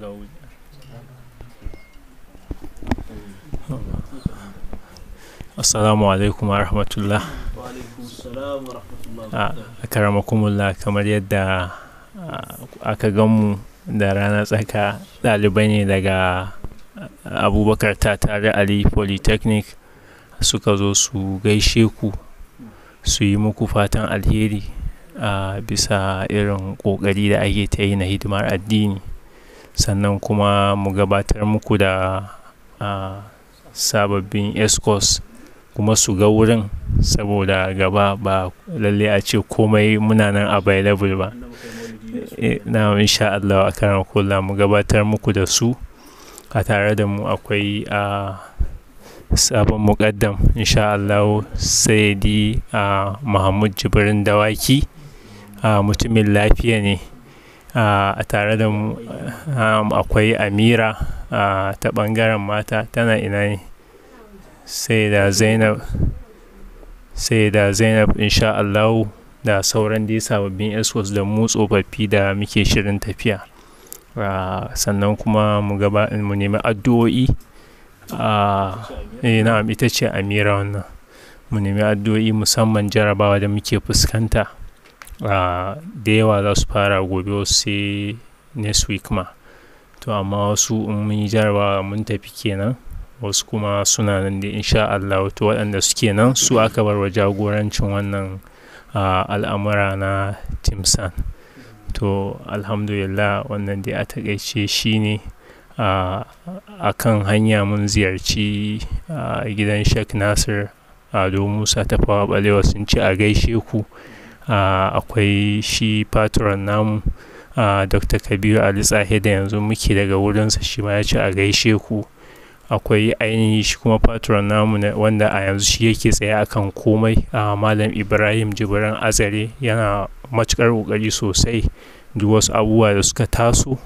زوج assalamu alaikum wa rahmatullah a karamakumullah kamar yadda aka ganmu da ranar tsaka ɗalibai ne daga abubakar ta tare ali polytechnic suka zo su gaishe ku su yi muku fatan alheri a bisa irin ƙoƙari da ake ta yi na hidimar addini sannan kuma mu gabatar muku da sababbin escorts kuma su ga wurin saboda gaba ba lalle a ce komai muna nan a available ba e, na insha Allah a karan kula mu gabatar muku da su a tare da mu akwai a sabon muƙaddam insha Allah sai di a Mahmud Jibrin Dawaki a mutumin lafiya ne a tare da mu akwai amira ta bangaren mata tana ina ne sai da zainab sai da zainab insha allahu da sauran da sababbin escorts da mu tsofaffi da muke shirin tafiya sannan kuma mu gaba mu nemi addu'o'i eh, na'am ita ce amira wannan mu nemi addu'o'i musamman jarabawa da muke fuskanta Ah, da yawa za su fara gobe wasu sai next week ma to amma wasu in mun yi jarabawa mun tafi kenan wasu kuma suna nan da insha Allah to waɗanda suke nan su aka bar wa jagorancin wannan ah, al'amura na timsan to alhamdulillah wannan dai a takaice shine ah, a kan hanya mun ziyarci gidan sheikh nasir ado musa tafawa balewa sun ci a gaishe ku akwai shi patron namu Dr. Kabiru Ali Tsahe da yanzu muke daga wurinsa shi ma ya ci a gaishe ku. Akwai ainihin shi kuma patron namu wanda a yanzu shi yake tsaye akan komai a Malam Ibrahim Jibran Azare yana matukar kokari sosai duk wasu abubuwa da suka taso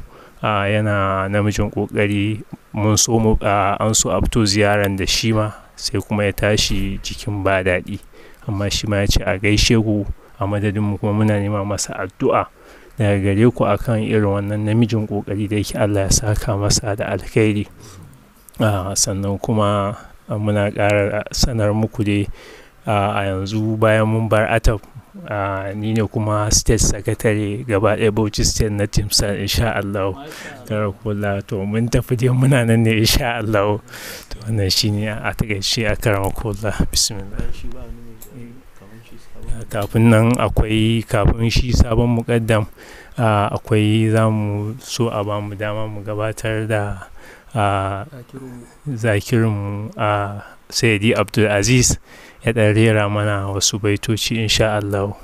yana namijin kokari mun so mu an so a fito ziyaran da shi ma sai kuma ya tashi jikin ba daɗi amma shi ma ya ce a gaishe ku a madadin mu kuma muna nema masa addu'a daga gare ku akan irin wannan namijin kokari da yake Allah ya saka masa da alkhairi sannan kuma muna ƙara sanar muku dai a yanzu bayan mun bar atab ni ne kuma state secretary gaba ɗaya bauchi state na timsa insha Allah kula to mun tafi dai muna nan ne insha Allah to wannan shine a takaice a karamar kula bismillah kafin nan akwai kafin shi sabon muƙaddam akwai za mu so a ba mu dama mu gabatar da zakirinmu a sayyidi abdulaziz ya ɗan rera mana wasu baitoci insha Allah.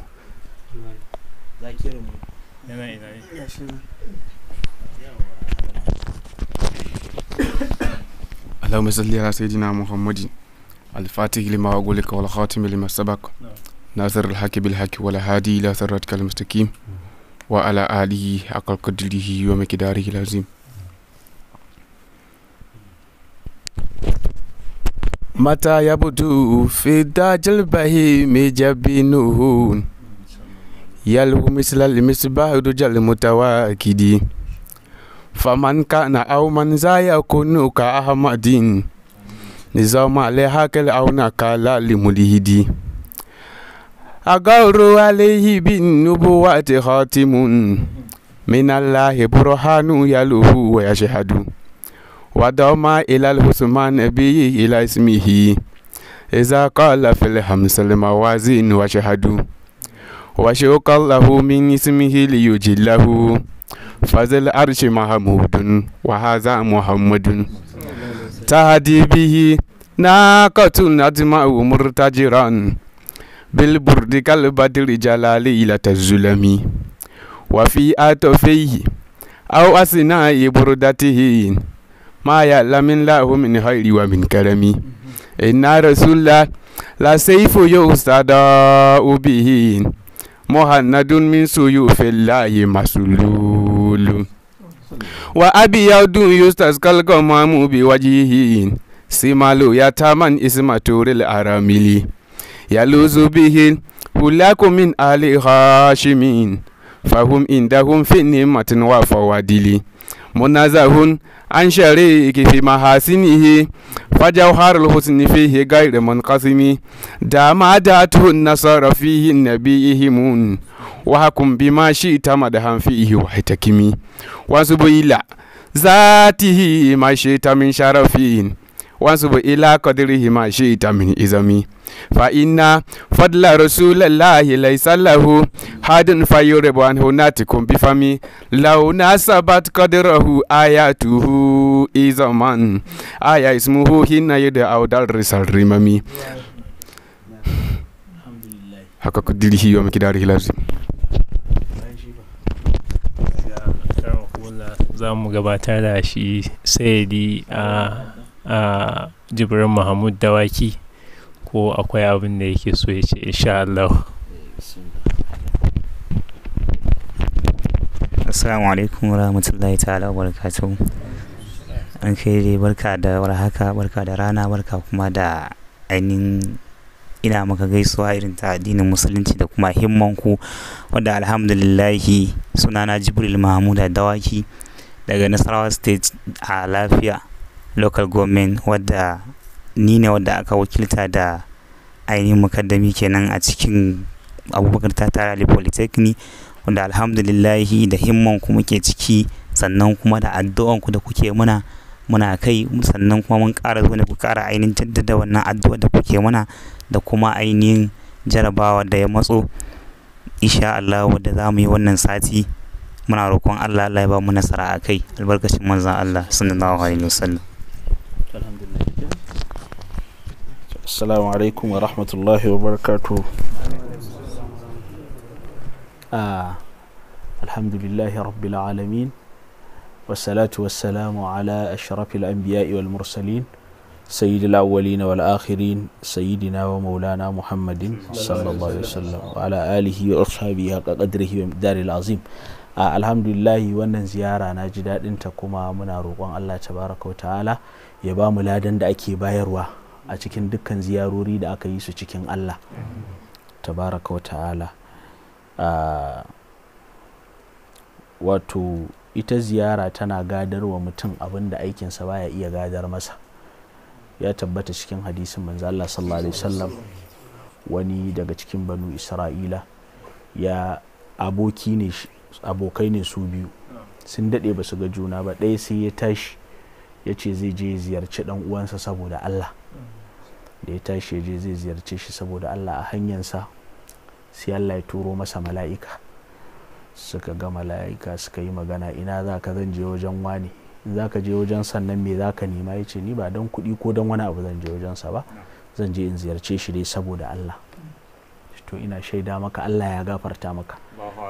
اللهم صل على سيدنا محمد الفاتح لما أقولك والخاتم لما سبق ناصر الحق بالحق ولا هادي إلى صراطك المستقيم وعلى آله أقل قدره ومكداره العظيم متى يبدو في داج البهيم جبينه يلو مثل المصباح دجل متواكدي فمن كان أو من ذا يكون كأحمد نزام عليها كالأونك لا لملهدي agaru alaihi bin nubuwati khatimun Allah, burhanu yaluhu wa yashhadu wa dama ila husman bi ila ismihi iza qala fil hamsal mawazin wa shahadu wa shawqa lahu min ismihi yujillahu fazil arshi mahmudun wa hadha muhammadun tahdi bihi katun adma'u murtajiran bilburdi kalabar da rijal alayyila ta zulami. wa fi ato feyi. asina ya ma ya lamin lakumin haɗi wamin ƙarami. ina rasu la lassefu yau tsada ubi? muhannan dunmin su yu fellu yai masu wa abi yadu yostas kalko mamu bi wajiyidhi. si ya taman isma turin aramili. Yan lusurba ihe hula kumin Ali Hashimu. Fahim idan fi nema tun wace fa an share rigifi ma ha sin ihe. Fa jihar Harald hosanin fahimu ya gayadu mun kasu mu. Da ma zata tunanin sarrafa na biyu mun. Waxa kumbi shi ita ma da "Wa haifekimi?" Wanzu bai ma shi ita mun Wansu wasu ila kadirihi ma shi ita min izami fa ina fadla rasulullahi laysa lahu hadin fa yuribu anhu natikum bi fami law nasabat qadrahu ayatuhu izaman aya ismuhu hinna yada awdal risal rimami haka ku dirhi yo miki dari hilazi za gabatar da shi sai di a a jibirin mahmud dawaki ko akwai abin da yake so ya ce insha Allah assalamu alaikum rahmatullahi ta'ala wa barakatuhu an kai dai barka da warhaka barka da rana barka kuma da ainihin ina maka gaisuwa irin ta addinin musulunci da kuma himman himmanku wadda alhamdulillahi sunana jibril mahmud dawaki daga nasarawa state a lafiya local government wadda ni ne wadda aka wakilta da ainihin mukaddami kenan a cikin abubakar ta tara polytechnic wadda alhamdulillahi da himman ku muke ciki sannan kuma da addu'an ku da kuke muna muna kai sannan kuma mun ƙara zuwa ne ku ƙara ainihin jaddada wannan addu'a da kuke muna da kuma ainihin jarabawa da ya matso insha Allah wadda za mu yi wannan sati muna roƙon Allah Allah ya ba mu nasara a kai albarkacin manzon Allah sallallahu alaihi wasallam alhamdulillah assalamu alaikum wa rahmatullahi wa barakatu ah, alhamdulillahi rabbil alamin والصلاة والسلام على أشرف الأنبياء والمرسلين سيد الأولين والآخرين سيدنا ومولانا محمد صلى الله عليه وسلم وعلى آله وأصحابه قدره ومقدار العظيم alhamdulillah wannan ziyara na ji daɗinta kuma muna roƙon Allah tabaraka wa ta'ala ya ba mu ladan da ake bayarwa a cikin dukkan ziyarori da aka yi su cikin Allah tabaraka wa ta'ala wato ita ziyara tana gadar wa mutum abin da aikinsa baya iya gadar masa ya tabbata cikin hadisin manzo Allah sallallahu alaihi wasallam wani daga cikin banu isra'ila ya aboki ne abokai ne su biyu sun daɗe ba su ga juna ba ɗaya sai ya tashi ya ce zai je ziyarci dan uwansa saboda Allah da ya tashi je zai ziyarce shi saboda Allah a hanyarsa sai Allah ya turo masa mala'ika suka ga mala'ika suka yi magana ina za ka zan je wajen wani za ka je wajen sannan me za ka nema ya ce ni ba don kuɗi ko don wani abu zan je wajen sa ba zan je in ziyarce shi dai saboda Allah to ina shaida maka Allah ya gafarta maka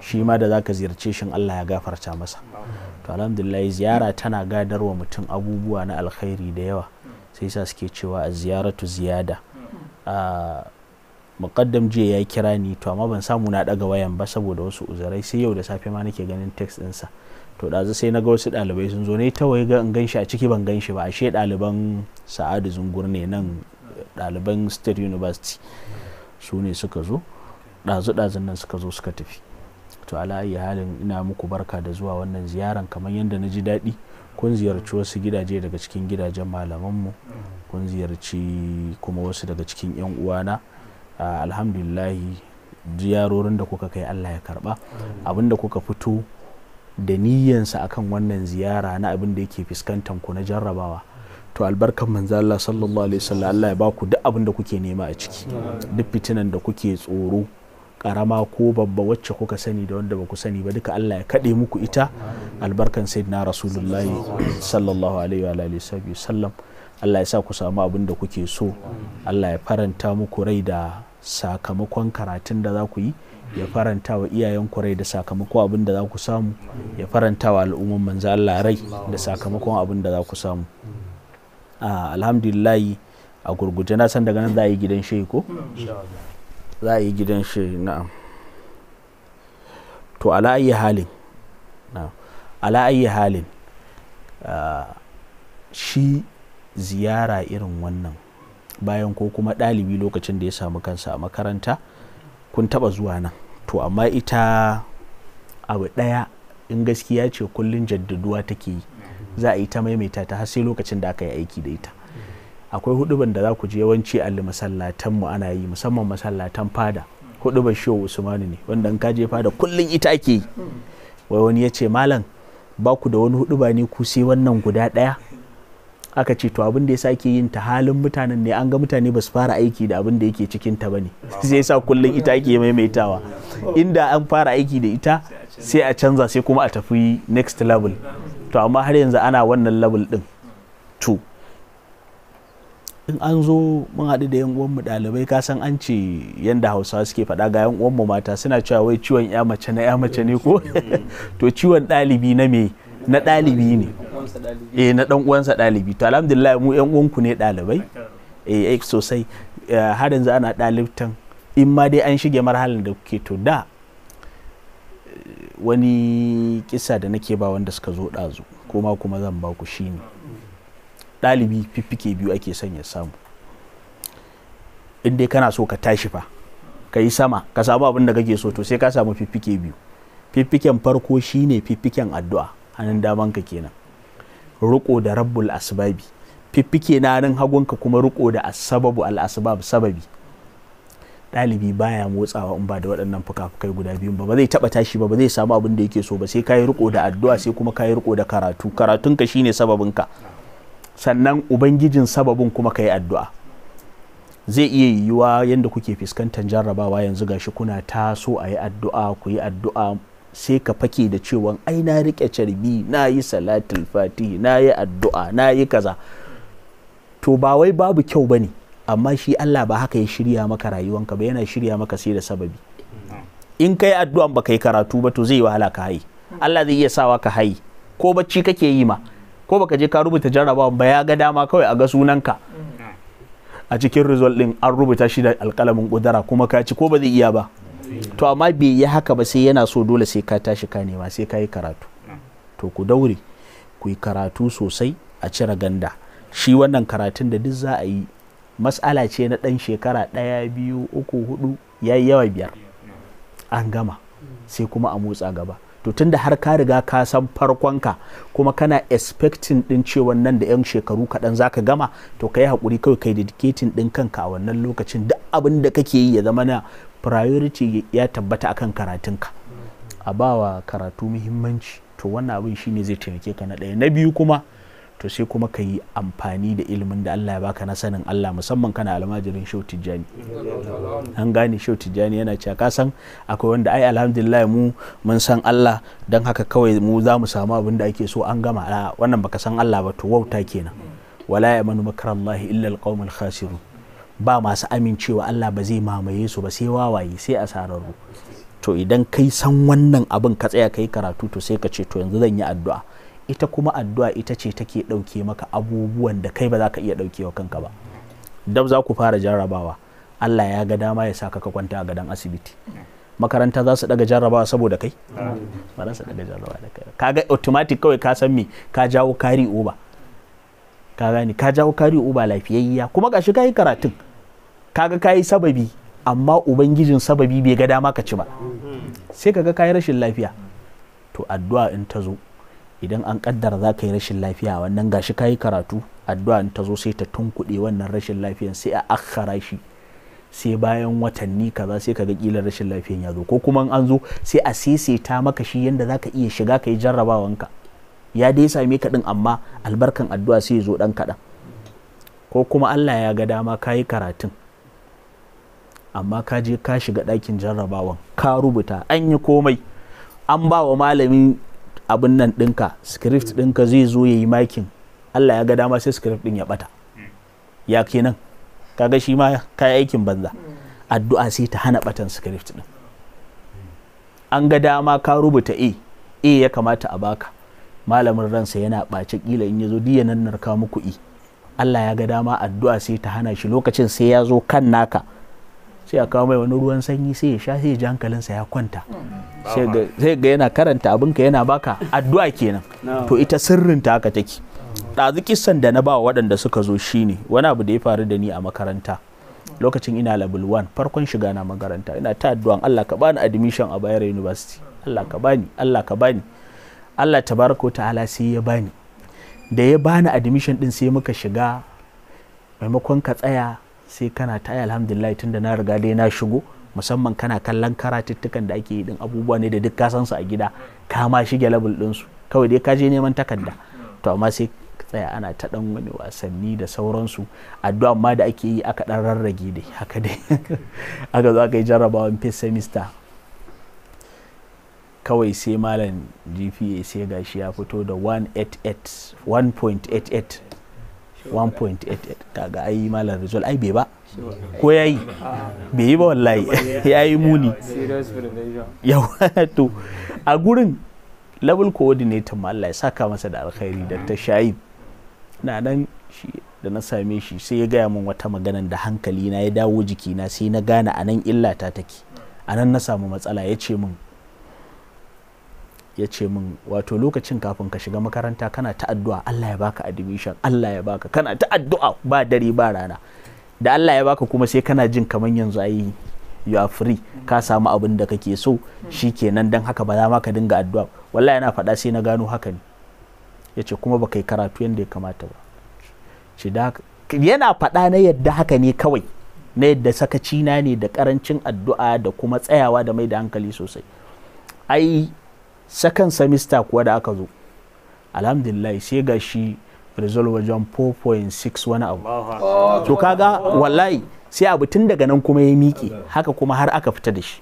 shi ma da zaka ziyarce shin Allah ya gafarta masa to alhamdulillah ziyara tana gadarwa mutum abubuwa na alkhairi da yawa sai sa suke cewa a ziyaratu ziyada a muqaddam jiya ya kira ni to amma ban samu na daga wayan ba saboda wasu uzurai sai yau da safe ma nake ganin text ɗinsa to ɗazu sai na ga wasu ɗalibai sun zo ne ta waye ga in ganshi a ciki ban ganshi ba ashe ɗaliban sa'adu zungur ne nan ɗaliban state university su ne suka zo ɗazu-ɗazun nan suka zo suka tafi to ala halin ina muku barka da zuwa wannan ziyaran kamar yadda na ji daɗi kun ziyarci wasu gidaje daga cikin gidajen malamanmu kun ziyarci kuma wasu daga cikin 'yan uwana alhamdulillahi ziyarorin da kuka kai allah ya karba abinda kuka fito da niyyansa akan wannan ziyara na abin da yake fuskantar ku na jarrabawa to albarkan manzo Allah sallallahu alaihi wasallam Allah ya baku duk abin da kuke nema a ciki duk fitinan da kuke tsoro karama ko babba wacce kuka sani da wanda ba ku sani ba duka Allah ya kaɗe muku ita albarkan sayyidina rasulullahi sallallahu alaihi wa alihi sallam Allah ya sa ku samu abin da kuke so Allah ya faranta muku rai da sakamakon karatun da za ku yi ya faranta wa iyayen ku rai da sakamakon abin da za ku samu ya faranta wa al'umman manzo Allah rai da sakamakon abin da za ku samu ah, alhamdulillah a gurguje na san daga nan za a yi gidan shehu ko za a yi gidan shi na'am to ala'ayi halin ala ayi halin shi ziyara irin wannan bayan ko kuma ɗalibi lokacin da ya samu kansa a makaranta kun taba zuwa nan to amma ita abu ɗaya in gaskiya ce kullum jaddaduwa take yi za a yi ta maimaita ta har sai lokacin da aka yi aiki da ita akwai huduban da za ku je yawanci alli masallatan mu ana yi musamman masallatan fada huduban shi usmanu ne wanda in ka fada kullun ita ake yi wai wani ya ce malam ba ku da wani huduba ne ku sai wannan guda daya aka ce to abin da yasa ke yin ta halin mutanen ne an ga mutane ba su fara aiki da abin da yake cikin ta bane sai yasa kullun ita ake maimaitawa inda an fara aiki da ita sai a canza sai kuma a tafi next level to amma har yanzu ana wannan level din to in an zo mun haɗu da yan uwanmu ɗalibai ka san an ce yanda hausawa suke faɗa ga yan uwanmu mata suna cewa wai ciwon ya mace na ya mace ne ko to ciwon ɗalibi na me na ɗalibi ne eh na ɗan uwansa ɗalibi to alhamdulillah mu yan uwanku ne ɗalibai eh, eh sosai eh, har yanzu ana ɗalibtan in ma dai an shige marhalan da kuke to da eh, wani kisa da nake ba wanda suka zo ɗazu kuma kuma zan ba ku shine ɗalibi fiffike biyu ake son ya samu in kana so ka tashi fa ka yi sama ka samu abin da kake so to sai ka samu fifike biyu fifiken farko shine fiffiken addu'a hannun daman ka kenan ruko da rabbul asbabi fiffike na nan hagunka kuma riko da asababu al asbab sababi ɗalibi baya motsawa in ba da waɗannan fuka-fukai guda biyun ba ba zai taɓa tashi ba ba zai samu abin da yake so ba sai kayi riko da addu'a sai kuma kayi riko da karatu karatunka shine sababinka sannan ubangijin sababin kuma ka yi addu'a zai iya yiwuwa yadda kuke fuskantar jarrabawa yanzu ga shi kuna ta so a yi addu'a ku yi addu'a sai ka fake da cewa ai na rike carbi na yi salatul fatihi na yi addu'a na yi kaza to ba wai babu kyau ba ne amma shi Allah ba haka ya shirya maka rayuwanka ba yana shirya maka sai da sababi in kai addu'an ba yi karatu ba to zai wahala ka hayi Allah zai iya sawa ka hayi ko bacci kake yi ma ko baka je ka rubuta jarrabawa ba ya ga dama kawai a ga sunanka a cikin result din an rubuta shi da alƙalamin kudara kuma ka ci ko ba zai iya ba to amma bai yi haka ba sai yana so dole sai ka tashi ka nema sai ka yi karatu to ku daure ku yi karatu sosai a cire ganda shi wannan karatun da duk za a yi mas'ala ce na ɗan shekara ɗaya biyu uku hudu ya yi yawa biyar an gama sai kuma a motsa gaba to tunda har ka riga ka san farkon ka kuma kana expecting din cewa nan da yan shekaru kaɗan zaka gama to ka yi haƙuri kawai kai dedicating din kanka a wannan lokacin duk abin da kake yi ya zama na priority ya tabbata akan karatunka a bawa karatu muhimmanci to wannan abin shine zai taimake ka na ɗaya na biyu kuma to sai kuma ka yi amfani da ilimin da Allah ya baka na sanin Allah musamman kana almajirin shau tijjani an gane shau tijjani yana cewa ka san akwai wanda ai alhamdulillah mu mun san Allah don haka kawai mu za mu samu abin da ake so an gama a wannan baka san Allah ba to wauta kenan wala ya manu makrallahi illa alqaumul khasiru ba masu amincewa Allah ba zai mamaye su ba sai wawaye sai asararru to idan kai san wannan abin ka tsaya ka yi karatu to sai ka ce to yanzu zan yi addu'a ita kuma addu'a ita ce take ɗauke maka abubuwan da kai ba za ka iya wa kanka ba dab za ku fara jarrabawa Allah ya ga dama ya saka ka kwanta a gadon asibiti makaranta za su daga jarrabawa saboda kai ba za su daga jarrabawa da kai kaga automatic kawai ka san me ka jawo kari uba ka gani ka jawo kari uba lafiyayya kuma gashi kayi karatun kaga kayi sababi amma ubangijin sababi bai ga dama ka ci ba mm-hmm. sai kaga kayi rashin lafiya to addu'a in ta zo idan an kaddara za ka yi rashin lafiya wannan gashi ka yi karatu addu'a ta zo sai ta tunkuɗe wannan rashin lafiyan sai a akhara shi sai bayan watanni kaza sai ka ga kilan rashin lafiyan ya zo ko kuma an zo sai a ta maka shi yanda za ka iya shiga ka yi jarrabawanka ya dai same ka din amma albarkan addu'a sai ya zo dan kaɗan ko kuma Allah ya ga dama ka yi karatun amma ka je ka shiga ɗakin jarrabawan ka rubuta an yi komai an ba wa malamin abin nan ɗinka script hmm. ɗinka zai zo ya yi makin allah ya ga dama sai script ɗin ya ɓata hmm. ya kenan kaga shi ma kayi aikin banza hmm. addu'a sai ta hana ɓatan script ɗin an ga dama ka rubuta a a ya kamata a baka malamin ransa yana ɓace kila in ya zo diya nan narka muku i e. allah ya ga dama addu'a sai ta hana shi lokacin sai ya zo kan naka sai a kawo mai wani ruwan sanyi sai ya sha sai ya ji ya kwanta hmm. sai ga yana karanta abinka yana baka addu'a kenan to ita sirrinta haka take ɗazu kisan da na ba waɗanda suka zo shine wani abu da ya faru da ni a makaranta lokacin ina level 1 farkon shiga na makaranta ina ta addu'an Allah ka bani admission a Bayero University Allah ka bani Allah ka bani Allah tabaraka ta'ala sai ya bani da ya bani admission din sai muka shiga maimakon ka tsaya sai kana ta yi alhamdulillah da na riga dai na shigo musamman kana kallon karatuttukan da ake yi din abubuwa ne da duk ka san su a gida ka ma shige level din su kawai dai ka je neman takarda to amma sai tsaya ana ta dan wani wasanni da sauransu addu'a amma da ake yi aka dan rarrage dai haka dai aka zo aka yi jarrabawan fifth semester kawai sai malam GPA sai gashi ya fito da 188 1.88 1.88 kaga ai malam result ai bai ba ko yayi bai yi ba wallahi yayi muni yawa to a gurin level coordinator ma Allah ya saka masa da alkhairi da ta shayi na nan shi da na same shi sai ya gaya min wata maganan da hankali na ya dawo jiki na sai na gane a nan illata take a nan na samu matsala ya ce min ya ce min wato lokacin kafin ka shiga makaranta kana ta addu'a Allah ya baka admission Allah ya baka kana ta addu'a ba dare ba rana da Allah ya baka kuma sai kana jin kamar yanzu ayi you are free ka samu abin da kake so shikenan dan haka ba za ma ka dinga addu'a wallahi yana faɗa sai na gano haka ne yace kuma baka yi karatu yanda ya kamata ba yana faɗa na yadda haka ne kawai na yadda sakaci na ne da karancin addu'a da kuma tsayawa da mai da hankali sosai ai second semester kuwa da aka zo alhamdulillah sai ga shi result wajen 4.6 wani abu to kaga wallahi sai abu tun daga nan kuma ya miƙe haka kuma har aka fita da shi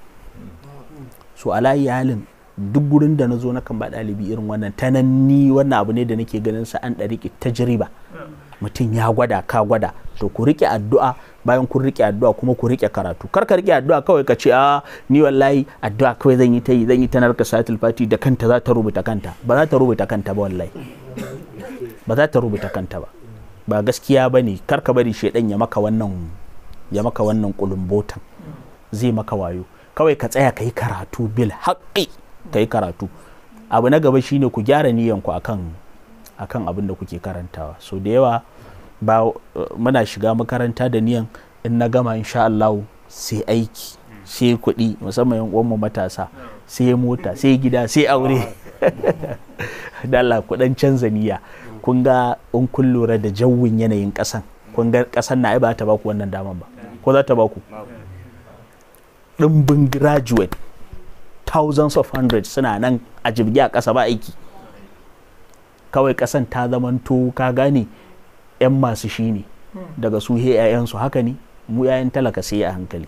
so alayi halin duk gurin da na zo na kan ba ɗalibi irin wannan tananni wannan abu ne da nake ganin sa an ɗari tajriba mutum ya gwada ka gwada to ku riƙe addu'a bayan kun rike addu'a kuma ku rike karatu kar ka rike addu'a kawai ka ce a ni wallahi addu'a kawai zan yi ta yi zan yi ta narka satil fati da kanta za ta rubuta kanta ba za ta rubuta kanta ba wallahi ba za ta rubuta kanta ba ba gaskiya ba ne kar ka bari shaidan ya maka wannan ya maka wannan kulumbotan zai maka wayo kawai ka tsaya ka yi karatu bil haƙƙi ka yi karatu abu na gaba shine ku gyara niyanku akan akan abin da kuke karantawa so da yawa ba muna shiga makaranta da niyan in na gama insha Allah sai aiki sai kuɗi musamman yan uwanmu matasa sai mota sai gida sai aure da Allah kuɗan canza niyya kun ga in kun lura da jawin yanayin ƙasan kun ga ƙasan na ba ta baku wannan daman ba ko za ta baku ɗimbin graduate thousands of hundreds suna nan a jibgi a ƙasa ba aiki kawai ƙasan ta zamanto ka gane 'yan masu shi ne daga su 'ya'yansu haka ne mu yayan talaka sai a hankali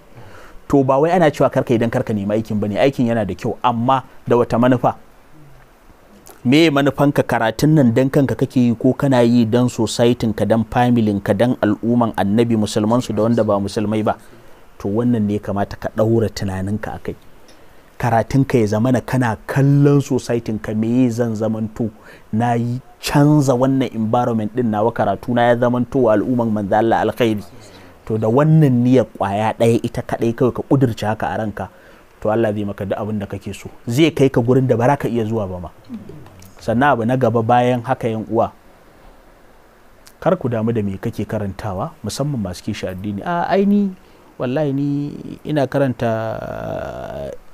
to ba wai ana cewa karka idan karka nemi aikin bane aikin yana da kyau amma da wata manufa me manufan ka karatun nan dan kanka kake yi ko kana yi dan societin ka dan familin ka dan al'umman annabi musulman su da wanda ba musulmai ba to wannan ne kamata ka daura ka akai karatun ka ya zamana kana kallon societin ka me zan zamanto na yi canza wannan environment din nawa karatu na ya zamanto al'umman manzo Allah alkhairi to da wannan niyyar kwaya ɗaya ita kaɗai kawai ka ƙudurce haka a ranka to Allah zai maka duk abin da kake so zai kai ka gurin da ba ka iya zuwa ba ma sannan abu na gaba bayan haka yan uwa kar ku damu da me kake karantawa musamman masu kishi addini a aini wallahi ni ina karanta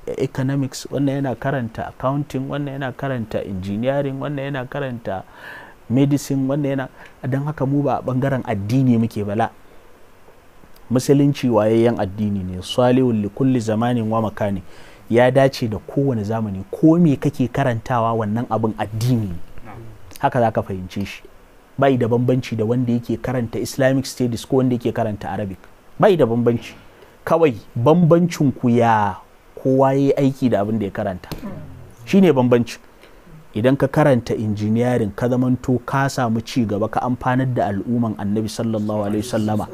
eh, economics wannan yana karanta accounting wannan yana karanta engineering wannan yana karanta medicine wannan yana don haka mu ba a bangaren addini muke bala musulunci wayayyen addini ne salihun li kulli zamanin wa makani ya dace da kowane zamani ko me kake karantawa wannan abin addini haka za ka fahimce shi bai da bambanci da wanda yake karanta islamic studies ko wanda yake karanta arabic bai da bambanci kawai bambancin ku ya kowa ya aiki da abin da ya karanta shine bambanci idan ka karanta injiniyarin ka zamanto ka samu ci gaba ka amfanar da al'umman annabi sallallahu alaihi wasallama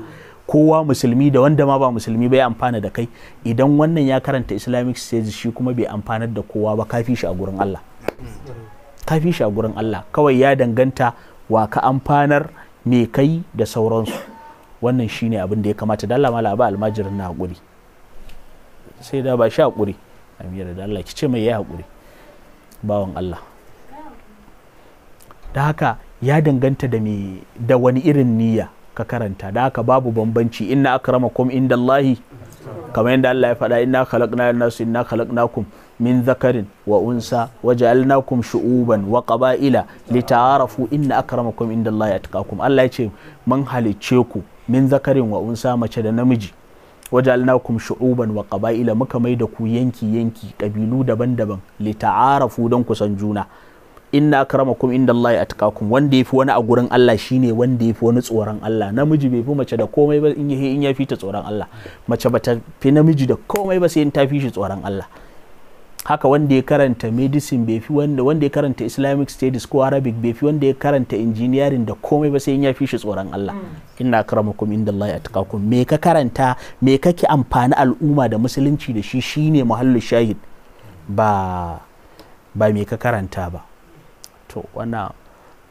kowa musulmi da wanda ma ba musulmi bai amfana da kai idan wannan ya karanta islamic stage shi kuma bai amfanar da kowa ba kafi shi a gurin Allah kafi shi a gurin Allah kawai ya danganta wa ka amfanar me kai da sauransu wannan shine abin da ya kamata da Allah mala ba almajirin na hakuri sai da ba shi hakuri amir da Allah ki ce mai ya hakuri bawan Allah da haka ya danganta da me da wani irin niyya ka karanta da haka babu bambanci inna akramakum indallahi kamar yadda Allah ya faɗa inna khalaqna nasu inna khalaqnakum min zakarin wa unsa wa ja'alnakum shu'uban wa qaba'ila lita'arafu inna akramakum indallahi atqakum Allah ya ce mun halicce ku min zakarin wa unsa mace da namiji ja'alnakum shu'uban wa qaba'ila muka mai da ku yanki yanki kabilu daban-daban lita'arafu don ku san juna inna akramakum ya atqakum wanda ya fi wani a gurin Allah shine wanda ya fi wani tsoron Allah namiji bai fi mace da komai ba in yi in fi ta tsoron Allah mace ba ta fi namiji da komai ba sai in ta fi shi tsoron Allah haka wanda ya karanta medicine bai fi wanda wanda ya karanta islamic studies ko arabic bai fi wanda ya karanta engineering da komai ba sai in ya fi shi tsoron Allah mm. inna akramakum ya atqakum me ka karanta me kake amfani al'umma da musulunci da shi shine muhallin shahid ba ba me ka karanta ba to wannan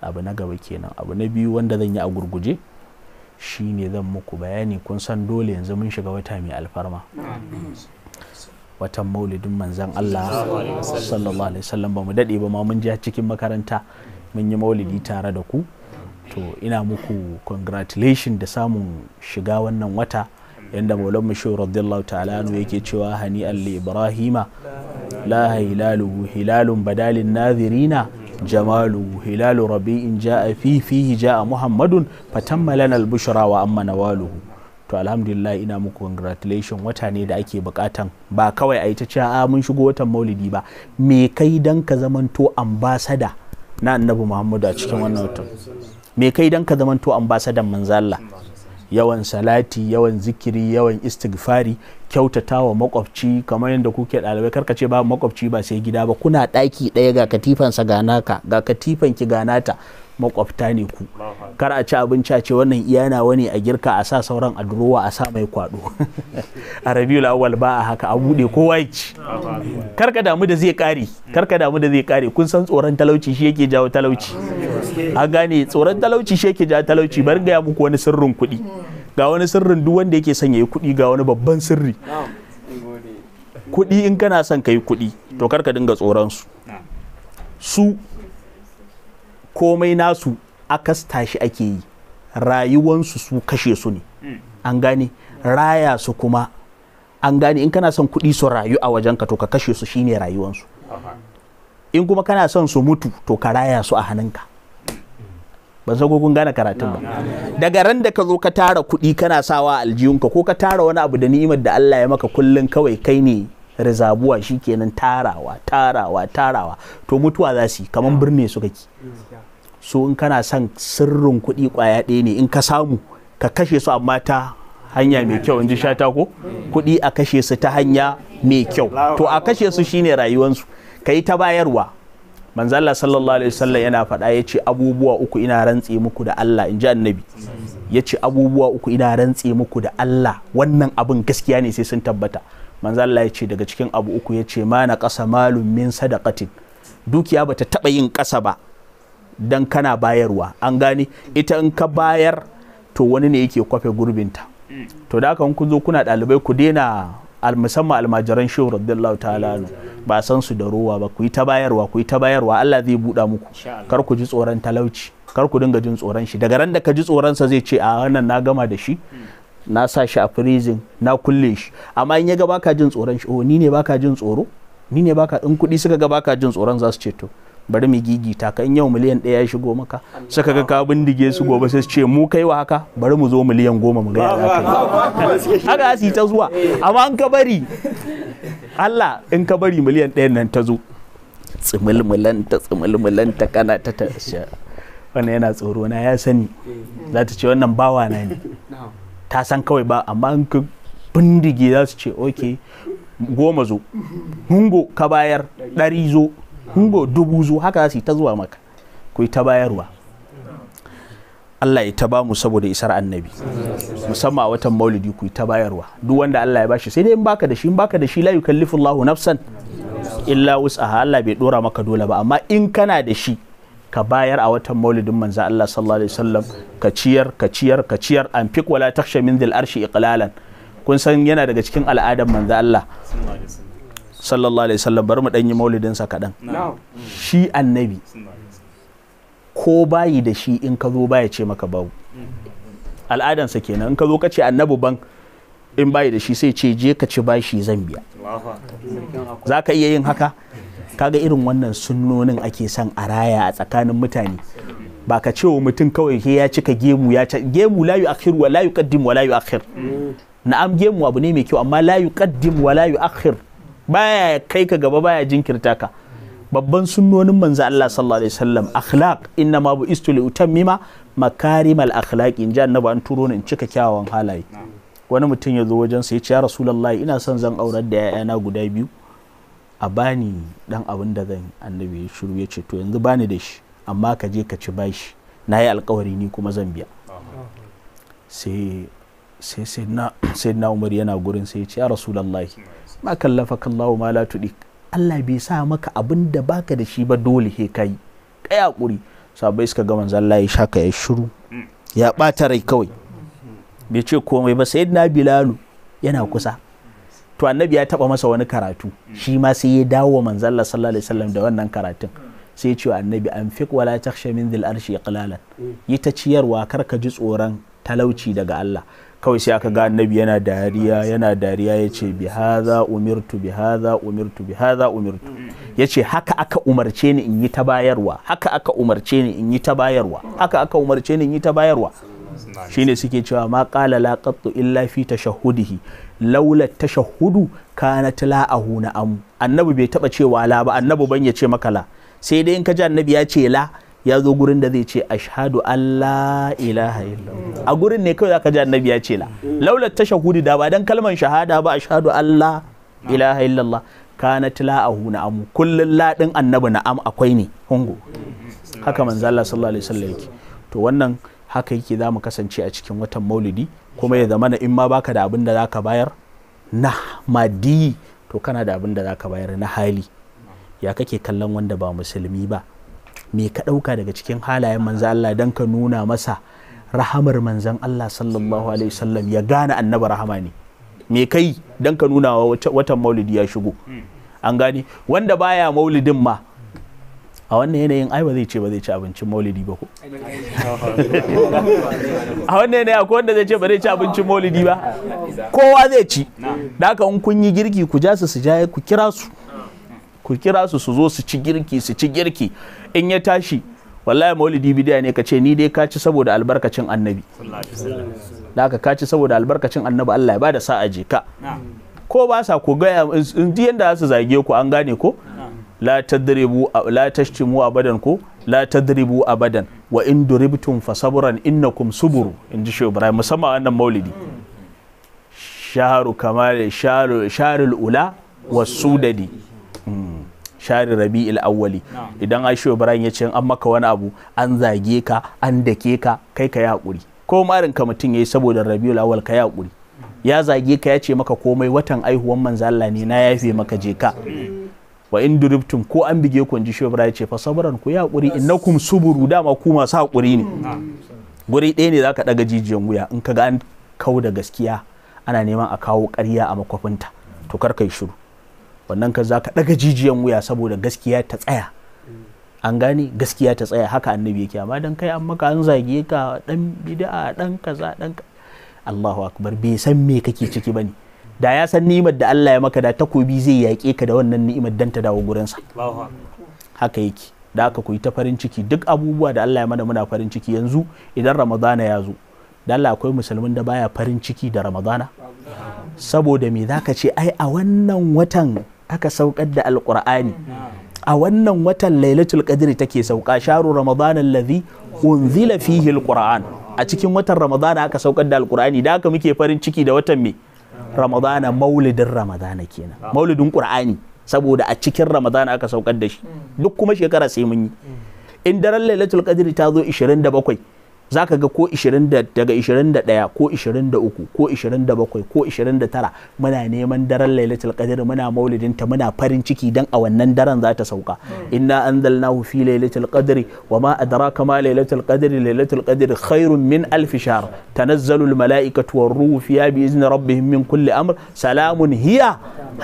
abu na gaba kenan abu na biyu wanda zan yi a gurguje shine zan muku bayani kun san dole yanzu mun shiga wata mai alfarma watan maulidin manzan Allah sallallahu alaihi wasallam ba mu dade ba ma mun ji cikin makaranta mun yi maulidi tare da ku to ina muku congratulation da samun shiga wannan wata yanda maulan shehu radiyallahu ta'ala anu yake cewa hani al ibrahima la hilalu hilalun badalin nazirina jamalu hilalu rabi'in جاء fi فيه جاء muhammadun فتم لنا البشرى wa amma to alhamdulillah ina muku congratulation wata ne da ake bukatan ba kawai a ita cewa mun shigo watan maulidi ba me kai dan ka zamanto ambasada na annabi muhammadu a cikin wannan watan me kai dan ka zamanto ambasadan manzo yawan salati yawan zikiri yawan istighfari kyautata wa makwabci kamar yadda kuke ɗalibai karka ce ba makwabci ba sai gida ba kuna ɗaki ɗaya ga katifansa ga naka ga katifan ki ganata makwabta ne ku kar a ci abinci a ce wannan iya nawa wani a girka a sa sauran a durowa a sa mai kwado a rabiul awwal ba a haka a bude kowa ya ci kar ka damu da zai kare kar damu da zai kare kun san tsoron talauci shi yake jawo talauci a gane tsoron talauci shi yake jawo talauci bar ga muku wani sirrin kuɗi ga wani sirrin duk wanda yake son yayi kuɗi ga wani babban sirri kuɗi in kana son ka yi kuɗi to kar ka dinga tsoron su su komai nasu akasta shi ake yi rayuwansu su kashe su ne hmm. an gane raya su kuma an gane in kana son kuɗi su rayu a wajenka to ka kashe su shine rayuwansu in kuma kana son su mutu to ka raya su a hannunka ban san ko kun gane karatun ba daga ran da ka zo ka tara kuɗi kana sawa aljiyunka ko ka tara wani abu da ni'imar da Allah ya maka kullun kawai kai ne rizabuwa shikenan tarawa tarawa tarawa to mutuwa za su yi kamar birne suka ki so in kana son sirrin kuɗi kwaya ɗaya ne in ka samu ka kashe su amma ta hanya mai kyau in ji shata ko kuɗi a kashe su ta hanya mai kyau to a kashe su shine rayuwansu ka yi ta bayarwa manzo Allah sallallahu alaihi wasallam yana faɗa yace abubuwa uku ina rantse muku da Allah inji annabi yace abubuwa uku ina rantse muku da Allah wannan abin gaskiya ne sai sun tabbata manzo Allah yace daga cikin abu uku yace ma na qasa malum min sadaqatin dukiya bata taɓa yin ƙasa ba dan kana bayarwa an gane ita in ka bayar to wani ne yake kwafe gurbinta to da haka kun zo kuna ɗalibai ku daina musamman almajiran shehu radiyallahu ta'ala ba san su da ruwa ba ku yi ta bayarwa ku yi ta bayarwa Allah zai buɗa muku kar ku ji tsoron talauci kar ku dinga jin tsoron shi daga ran da ka ji tsoron sa zai ce a wannan na gama da shi hmm. na sa shi a freezing na kulle shi amma in ya ga baka jin tsoron shi oh ni ne baka jin tsoro ni ne baka in kuɗi suka ga baka jin tsoron za su ce to bari mu gigita ka in yau miliyan ɗaya ya shigo maka saka ka ka bindige su gobe sai su ce mu kai wa haka bari mu zo miliyan goma mu ga ya haka su ta zuwa amma in ka bari Allah in ka bari miliyan ɗayan nan ta zo ta tsimulmulan ta kana ta ta wannan yana tsoro na ya sani za ta ce wannan bawa na ne ta san kawai ba amma in ka bindige za su ce ok goma zo hungo ka bayar ɗari zo hungo dubu zu haka za su ta zuwa maka ku ta bayarwa Allah ya ta mu saboda isar annabi musamman a watan maulidi ku ta bayarwa duk wanda Allah ya bashi sai dai in baka da shi in baka da shi la yukallifu nafsan illa wusa Allah bai dora maka dole ba amma in kana da shi ka bayar a watan maulidin manzo Allah sallallahu alaihi wasallam ka ciyar ka ciyar ka ciyar an fik wala takhsha min dhil arshi iqlalan kun san yana daga cikin al'adar manzo Allah sallallahu alaihi wasallam bari mu dan yi maulidin sa kadan shi annabi ko bayi da shi in ka zo baya ce maka babu al'adansa kenan in ka zo ka ce annabu ban in bayi da shi sai ce je ka ci bashi zan biya za ka iya yin haka kaga irin wannan sunnonin ake son a raya a tsakanin mutane ba ka ce wa mutum kawai ke ya cika gemu ya ci gemu la yu'akhir wa la yuqaddim wa la yu'akhir mm. na'am gemu abu ne mai kyau amma la yuqaddim wa la yu'akhir baya kai ka gaba baya jinkirta ka babban sunnonin manzo Allah sallallahu alaihi wasallam akhlaq inna ma bu istu li utammima makarimal akhlaq in ji annabi an turo ni in cika kyawawan halaye wani mutum ya zo wajen sa ya ce ya rasulullahi ina son zan aurar da yayana guda biyu a bani dan abin da zan annabi ya shiru ya ce to yanzu bani da shi amma ka je ka ci bashi na yi alkawari ni kuma zan biya sai sai na umar yana gurin sai ya ce ya rasulallahi ma kallafaka kallahu ma la tudi Allah bai sa maka abin da baka da shi ba dole he kai kai hakuri sabai suka ga manzon Allah ya shaka ya shiru ya bata rai kawai bai ce komai ba sai na Bilalu yana kusa to annabi ya taba masa wani karatu shi ma sai ya dawo manzon Allah sallallahu alaihi wasallam da wannan karatun sai ce annabi an fiq wala takhsha min dhil arshi qilalan eh. yi ta ciyarwa kar ka ji tsoron talauci daga Allah kawai sai aka ga annabi yana dariya yana dariya ya ce bi haza umirtu bi haza umirtu bi haza umirtu ya ce haka aka umarce ni in yi ta bayarwa haka aka umarce ni in yi ta bayarwa haka aka umarce ni in yi ta bayarwa shine suke cewa ma qala la qattu illa fi shahudu laula na kanat la ahuna am annabi bai taba cewa la ba annabi ban ya ce maka la sai dai in ka ji annabi ya ce la ya zo gurin da zai ce ashhadu Allah ilaha illallah a gurin ne kawai zaka ji annabi ya ce la laula tashahudi da ba dan kalman shahada ba ashhadu Allah ilaha illallah kana tila'ahu amu kullun ladin annabi na'am akwai ne hungu haka manzo Allah sallallahu alaihi wasallam yake to wannan haka yake zamu kasance a cikin watan maulidi kuma ya zamana in ma baka da abin da zaka bayar na madi to kana da abin da zaka bayar na hali ya kake kallon wanda ba musulmi ba me ka ɗauka daga cikin halayen manzan Allah don ka nuna masa rahamar manzan Allah sallallahu alaihi wasallam ya gane annaba rahama ne me kai don ka nuna wa watan maulidi ya shigo an gane wanda baya maulidin ma a wannan yanayin ai ba zai ce ba zai ci abincin maulidi ba ko a wannan yanayin akwai wanda zai ce ba zai ci abincin maulidi ba kowa zai ci da haka in kun yi girki ku ja su su jaye ku kira su ku kira su su zo su ci girki su ci girki in ya tashi wallahi maulidi bidiya ne ka ce ni dai ka ci saboda albarkacin annabi da ka ci saboda albarkacin annabi Allah ya bada sa'a je ka ko ba sa ku gaya in ji yanda za su zage ku an gane ko la tadribu la tashtimu abadan ko la tadribu abadan wa in duribtum fasabran innakum suburu in ji shehu ibrahim musamman wannan maulidi shaharu kamar sharul ula wasudadi shari rabi'il awwali idan aisho ibrahim ya ce an maka wani abu an zage ka an dake ka kai ka ya hakuri ko marin ka mutum yayi saboda rabi'ul awwal ka yi hakuri ya zage ka ya ce maka komai watan aihuwan manzo Allah ne na yafe maka je ka wa in duribtum ko an bige ku ji shobra ya ce fa sabran ku ya hakuri innakum suburu dama ku masu hakuri ne guri ɗaya ne zaka daga jijiyan wuya in kaga an kau da gaskiya ana neman a kawo ƙarya a makwafinta to kar kai shiru wannan ka za ka ɗaga jijiyan wuya saboda gaskiya ta tsaya an gane gaskiya ta tsaya haka annabi yake amma dan kai an maka an zage ka dan bid'a dan kaza dan Allahu akbar bai san me kake ciki bane da ya san ni'imar da Allah ya maka da takobi zai yaƙe ka da wannan ni'imar dan ta dawo gurinsa haka yake da aka koyi ta farin ciki duk abubuwa da Allah ya mana muna farin ciki yanzu idan Ramadana ya zo da Allah akwai musulmin da baya farin ciki da Ramadana saboda me zaka ce ai a wannan watan aka saukar da alkur'ani a wannan watan lailatul qadri take sauka sharu ramadan allazi unzila fihi alquran a cikin watan ramadan aka saukar da alqurani da haka muke farin ciki da watan me ramadana maulidin ramadana kenan maulidin qur'ani saboda a cikin ramadana aka saukar da shi duk kuma shekara sai mun yi in daren lailatul qadri ta zo 27 za ka ga ko 20 daga 21 ko 23 ko 27 ko 29 muna neman daren lailatul qadr muna maulidin ta muna farin ciki dan a wannan daren za ta sauka hmm. inna anzalnahu fi lailatul qadr wa ma adraka ma lailatul qadr lailatul qadr khairun min alf shahr tanazzalu al malaikatu war ruhu fiha bi izni rabbihim min kulli amr salamun hiya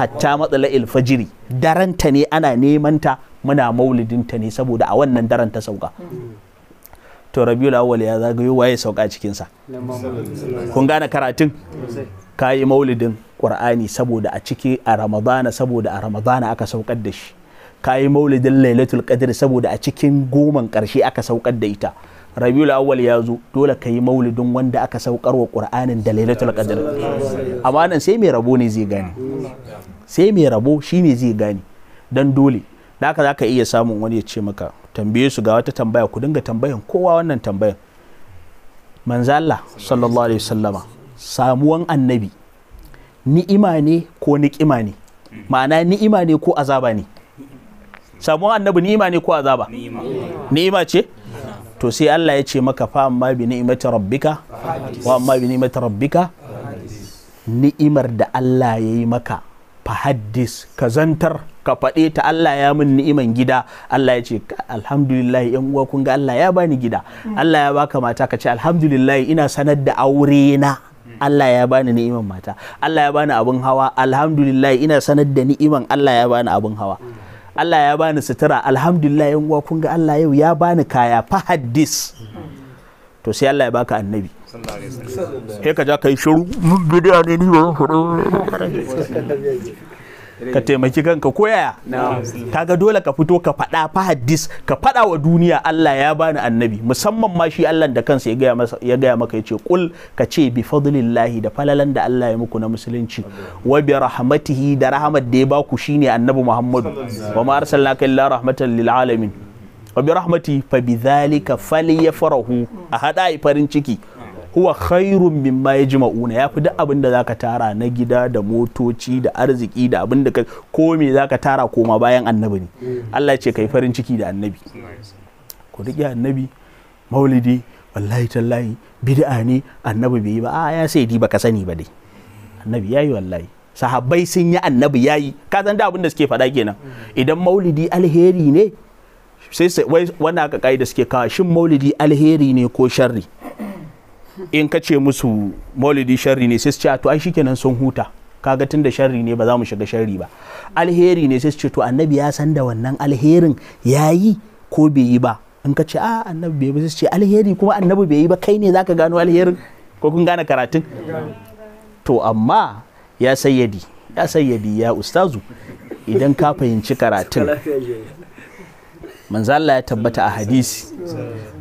hatta matla'il fajr daren ta ne ana neman ta muna maulidin ta ne saboda a wannan daren ta sauka hmm. to rabiul awwal ya zagayo waye sauka cikin sa kun gane karatun kayi maulidin qur'ani saboda a ciki a ramadana saboda a ramadana aka saukar da shi kayi maulidin lailatul qadr saboda a cikin goman karshe aka saukar da ita rabiul awwal ya zo dole ka yi maulidin wanda aka saukar wa qur'anin da lailatul qadr amma nan sai mai rabo ne zai gane sai mai rabo shine zai gane dan dole da haka zaka iya samun wani ya ce maka tambaye su ga wata tambaya ku dinga tambayan kowa wannan tambayan manzo Allah sallallahu alaihi wasallama samuwan annabi ni'ima ne ko ni'ima ne ma'ana ni'ima ne ko azaba ne samuwan annabi ni'ima ne ko azaba ni'ima ce to sai Allah ya ce maka fa amma bi ni'imati rabbika wa amma bi ni'imati rabbika ni'imar da Allah ya yi maka fahaddis ka zantar ka faɗe ta Allah ya mun ni'iman gida Allah ya ce alhamdulillah yan uwa kun ga Allah ya bani gida Allah ya baka mata ka ce alhamdulillah ina sanar da aure na Allah ya bani ni'iman mata Allah ya bani abun hawa alhamdulillah ina sanar da ni'iman Allah ya bani abun hawa Allah ya bani sutura alhamdulillah yan uwa kun ga Allah yau ya bani kaya fahaddis to sai Allah ya baka annabi sai ka ja ka yi shiru bid'a ne ni ba zan faɗo ka taimaki kanka ko yaya kaga dole ka fito ka faɗa fa hadis ka faɗa wa duniya Allah ya bani annabi musamman ma shi Allah da kansa ya gaya maka yace ce kul ka ce bi fadlillahi da falalan da Allah ya muku na musulunci wa bi rahmatihi da rahmat da ya baku shine annabi Muhammadu wa ma arsalnaka illa rahmatan lil alamin wa bi rahmati fa bi dhalika falyafrahu a hada yi farin ciki huwa khairun mimma yajma'una ya fi duk abin da zaka tara na gida da motoci da arziki da abin da ko me zaka tara koma bayan annabi ne Allah ce kai farin ciki da annabi ko riƙe annabi maulidi wallahi tallahi bid'a ne annabi bai yi ba a ya sai di baka sani ba dai annabi yayi wallahi sahabbai sun yi annabi yayi ka san da abin da suke faɗa kenan idan maulidi alheri ne sai sai wani aka kai da suke kawo shin maulidi alheri ne ko sharri in ka ce musu maulidi sharri ne sai su ce to ai shikenan sun huta kaga tun da sharri ne ba za mu shiga sharri ba alheri ne sai su ce to annabi ya san da wannan alherin yayi ko bai yi ba in ka ce a annabi bai ba sai su ce alheri kuma annabi bai yi ba kai ne zaka gano alherin ko kun gane karatun to amma ya sayyadi ya sayyadi ya ustazu idan ka fahimci karatun manzo Allah ya tabbata a hadisi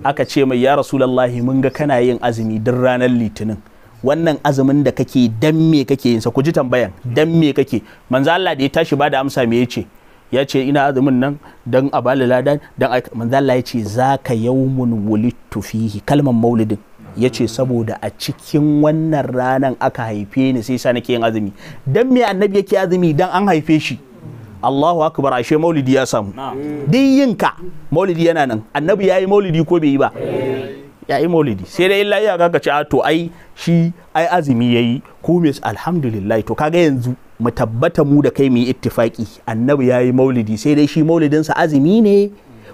aka ce mai ya rasulullahi mun ga kana yin azumi duk ranar litinin wannan azumin da kake dan me kake yin sa ku ji tambayan dan me kake manzo Allah da ya tashi ba da amsa me yace ya ce ina azumin nan dan abali ladan dan manzo Allah ya ce zaka yawmun wulittu fihi kalmar maulidin ya ce saboda a cikin wannan ranan aka haife ni sai sa nake yin azumi dan me annabi yake azumi dan an haife shi Allahu akbar ashe maulidi ya samu duk yinka maulidi yana nan annabi ya yi maulidi ko bai yi ba eh. ya maulidi sai dai illa ya ka ce a ah, to ai shi ai azumi yayi ko me alhamdulillah to kaga yanzu mu tabbata mu da kai mu yi ittifaki annabi ya yi maulidi sai dai shi maulidin sa azumi ne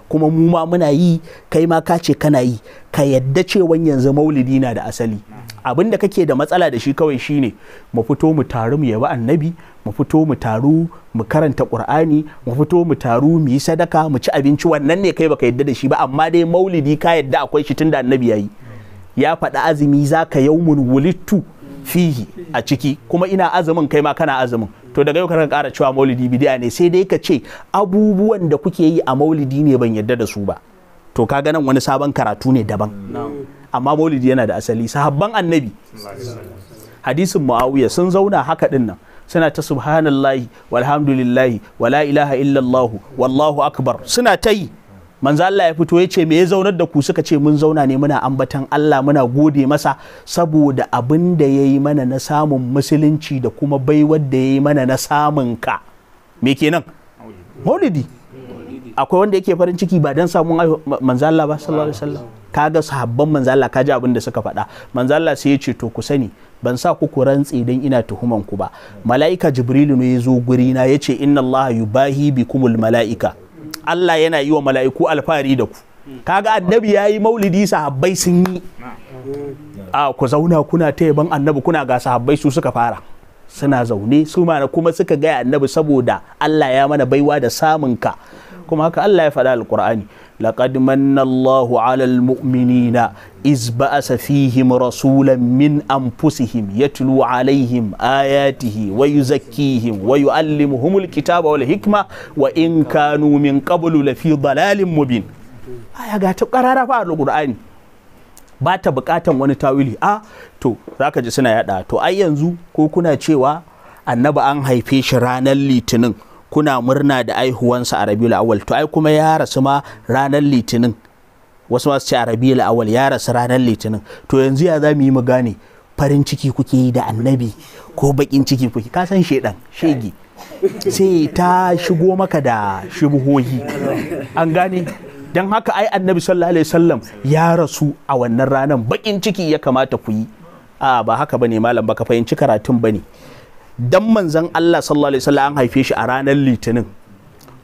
kuma mu ma muna yi kai ma ka ce kana yi ka yadda cewa yanzu maulidi na da asali abin da kake da matsala da shi kawai shine mu fito mu taru mu bi annabi mu fito mu taru mu karanta qur'ani mu fito mu taru mu yi sadaka mu ci abinci wannan ne kai baka yadda da shi ba amma dai maulidi ka yadda akwai shi tunda annabi yayi ya faɗi azumi zaka yawmun wulittu fihi a ciki kuma ina azumin kai ma kana azumin to daga yau ka kara cewa maulidi bidiya ne sai dai ka ce abubuwan da kuke yi a maulidi ne ban yadda da su ba to ka nan wani sabon karatu ne daban amma maulidi yana da asali sahabban annabi hadisin muawiya sun zauna haka din suna ta subhanallahi walhamdulillahi wala ilaha illallahu wallahu akbar suna ta yi manzo Allah ya fito ya ce me ya zaunar da ku suka ce mun zauna ne muna ambatan Allah muna gode masa saboda abin da ya yi mana na samun musulunci da kuma baiwar da ya mana na samun ka me kenan maulidi akwai wanda yake farin ciki ba dan samun manzo Allah ba sallallahu alaihi wasallam kaga sahabban manzo Allah kaji abin da suka faɗa manzo Allah sai ya ce to ku sani ban sa ku rantsi don ina tuhuman ku ba mala'ika jibrilu ne ya zo guri na ya ce, inna allaha yubahi kumul mala'ika Allah yana yi wa mala'iku alfahari da ku kaga annabi ya yi maulidi sahabbai sun yi a ku zauna kuna ta yaban annabi kuna ga sahabbai su suka fara suna zaune su mana kuma suka gaya annabi saboda Allah ya mana baiwa da samun ka kuma haka Allah ya faɗa alkur'ani لقد من الله على المؤمنين إذ بأس فيهم رسولا من أنفسهم يتلو عليهم آياته ويزكيهم ويعلمهم الكتاب والحكمة وإن كانوا من قبل لفي ضلال مبين آية قاتب قرارة فعل القرآن ba ta bukatan wani tawili a to zaka ji suna yada to ai yanzu ko kuna cewa annaba an haife shi ranar litinin kuna murna da aihuwansa a rabi awal to ai kuma ya rasu ma ranar litinin wasu masu ce a rabiul awal ya rasu ranar litinin to yanzu ya za mu yi mu gane farin ciki kuke yi da annabi ko bakin ciki kuke ka san shedan shegi sai ta shigo maka da shubuhohi an gane don haka ai annabi sallallahu alaihi wasallam ya rasu a wannan ranar bakin ciki ya kamata ku yi a ba haka bane malam baka fahimci karatun bane dan Manzan Allah sallallahu alaihi wasallam an haife shi a ranar litinin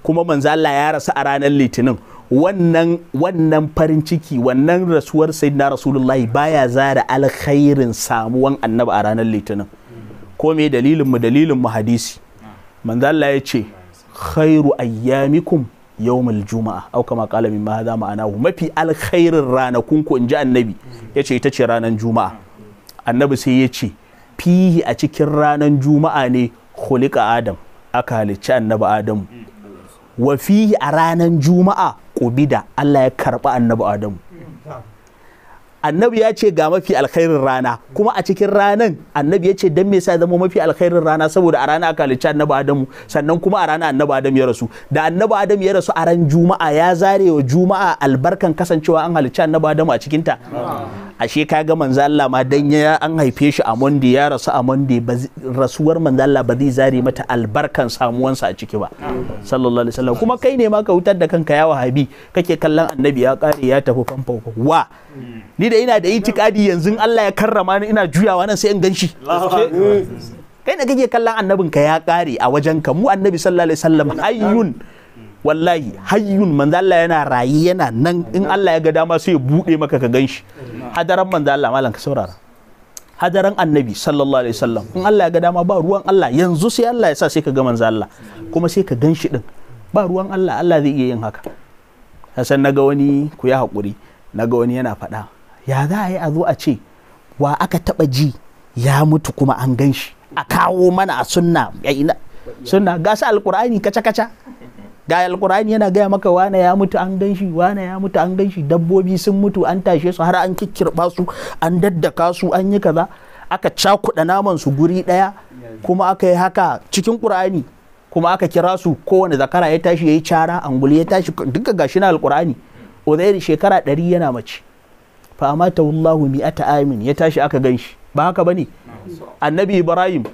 kuma manzan Allah ya rasu a ranar litinin wannan wannan farin ciki wannan rasuwar sayyidina rasulullahi baya zara alkhairin samuwan annabi a ranar litinin ko me dalilin mu dalilin mu hadisi manzan Allah ya ce khairu ayyamikum yawmul juma'a au kama qala mimma hadha ma'anahu mafi alkhairin ranakun ku inji annabi yace ita ce ranar juma'a annabi sai yace. fihi a cikin ranan juma'a ne khuliqa adam aka halicci annabi adamu wa fihi a ranan juma'a kubida Allah ya karba annabi adamu annabi ya ce ga mafi alkhairin rana kuma a cikin ranan annabi ya ce dan me yasa zama mafi alkhairin rana saboda a rana aka halicci annabi adamu sannan kuma a rana annabi adam ya rasu da annabi adam ya rasu a ran juma'a ya zare wa juma'a albarkan kasancewa an halicci annabi adamu a cikinta ashe kaga manzo Allah ma dan ya an haife shi a Monday ya rasu a Monday rasuwar manzo Allah ba zai zare mata albarkan samuwansa a ciki ba sallallahu alaihi wasallam kuma kai ne ma ka hutar da kanka ya wahabi kake kallon annabi ya kare ya tafi famfa wa ni da ina da itikadi yanzu Allah ya karrama ni ina juyawa nan sai in ganshi kai da kake kallon annabin ka ya kare a wajen ka mu annabi sallallahu alaihi wasallam hayyun wallahi hayyun manzo Allah yana rayi yana nan in Allah ya ga dama sai ya bude maka ka ganshi hadaran manzo Allah malam ka saurara hadaran annabi sallallahu alaihi wasallam in Allah ya ga dama ba ruwan Allah yanzu sai Allah ya sa sai ka ga manzo Allah kuma sai ka ganshi din ba ruwan Allah Allah zai iya yin haka san naga wani ku ya hakuri naga wani yana faɗa ya za a yi a zo a ce wa aka taba ji ya mutu kuma an ganshi a kawo mana a sunna sunna gasa alkur'ani kaca kaca da alkur'ani yana gaya maka wane ya mutu an ganshi wane ya mutu an ganshi dabbobi sun mutu an tashe su har an kikkirba su an daddaka su an yi kaza aka cakuɗa naman su guri ɗaya kuma aka yi haka cikin qur'ani kuma aka kira su kowane zakara ya tashi ya yi cara anguli ya tashi duka gashi na alkur'ani uzairi shekara ɗari yana mace fa amata wallahu mi'ata amin ya tashi aka ganshi ba haka bane annabi ibrahim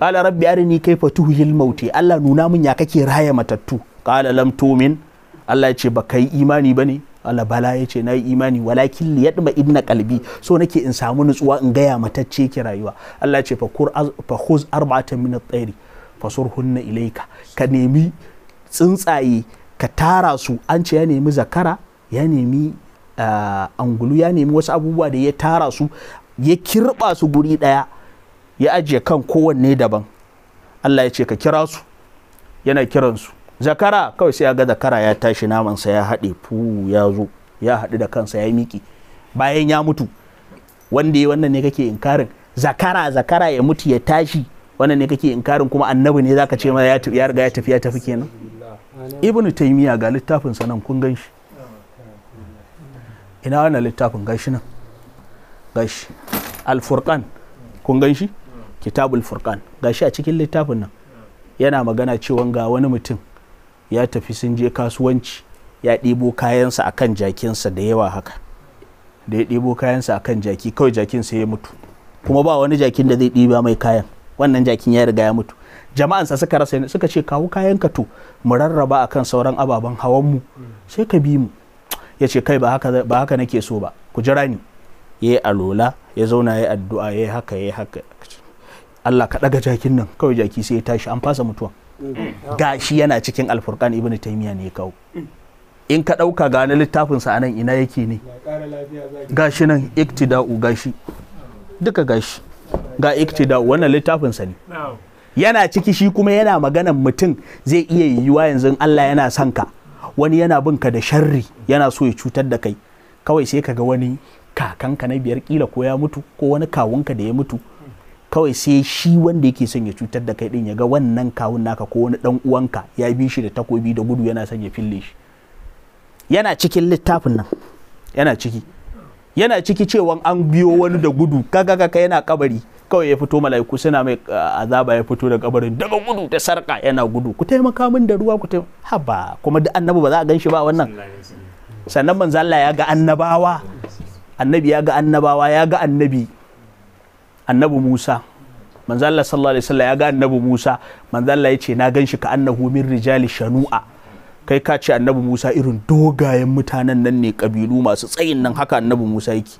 qala rabbi arini kaifa tuhyil mauti allah nuna mun ya kake raya matattu qala lam tumin Allah ya ce ba kai imani ba ne Allah bala ya ce na yi imani walakin li yadma inna qalbi so nake in samu nutsuwa in gaya matacce ki rayuwa Allah ya ce fa kur fa khuz arba'atan min at-tayr fasurhunna ilayka ka nemi tsuntsaye ka tara su an ce ya nemi zakara ya nemi ah, angulu ya nemi wasu abubuwa da ya tara su ya kirba su guri daya ya ajiye kan kowanne daban Allah ya ce ka kira su yana kiransu zakara kawai sai ya ga zakara ya tashi namansa ya haɗe fu ya zo ya haɗu da kansa ya miƙi bayan ya mutu wanda ya wannan ne kake inkarin zakara zakara ya mutu ya tashi wannan ne kake inkarin kuma annabi ne zaka ce mana ya riga ya tafi ya tafi kenan ibnu taymiya ga littafin sa nan kun ganshi ina wannan littafin gashi nan gashi al-furqan kun ganshi kitabul furqan gashi a cikin littafin nan yana magana cewa ga wani mutum ya tafi sun je kasuwanci ya ɗebo kayansa a kan jakinsa da yawa haka da ya ɗebo kayansa a kan jaki kawai jakinsa ya mutu kuma ba wani jakin da zai ɗiba mai kayan wannan jakin ya riga ya mutu jama'ansa suka rasa suka ce kawo kayan ka to mu rarraba a kan sauran ababen hawan mu sai ka bi mu ya ce kai ba haka nake so ba ku jira ni ya yi alola ya zauna ya addu'a ya yi haka ya yi haka Allah ka ɗaga jakin nan kawai jaki sai ya tashi an fasa mutuwa gashi yana cikin alfurkan ibn taimiya ne kawo in ka ɗauka gane littafinsa a nan ina yake ne gashi nan iktida'u gashi duka gashi ga iktida'u wannan littafinsa ne yana ciki shi kuma yana maganan mutum zai iya yiwuwa yanzu Allah yana son ka wani yana bin ka da sharri yana so ya cutar da kai kawai sai ka ga wani kakanka na biyar kila ko ya mutu ko wani kawunka da ya mutu kawai sai shi wanda yake son ya cutar da kai din ya ga wannan kawun naka ko wani dan uwanka ya bi shi da takobi da gudu yana son ya fille shi yana cikin littafin nan yana ciki yana ciki cewa an biyo wani da gudu kaga kaga yana kabari kawai ya fito mala'iku suna mai azaba ya fito da kabarin daga gudu da sarka yana gudu ku taimaka min da ruwa ku taimaka haba kuma duk annabi ba za a gan shi ba wannan sannan manzo Allah ya ga annabawa annabi ya ga annabawa ya ga annabi annabi Musa manzo Allah sallallahu alaihi wasallam ya ga annabi Musa manzo Allah ya ce na ganshi ka annahu min rijali shanu'a kai ka ce annabi Musa irin dogayen mutanen nan ne kabilu masu tsayin nan haka annabi Musa yake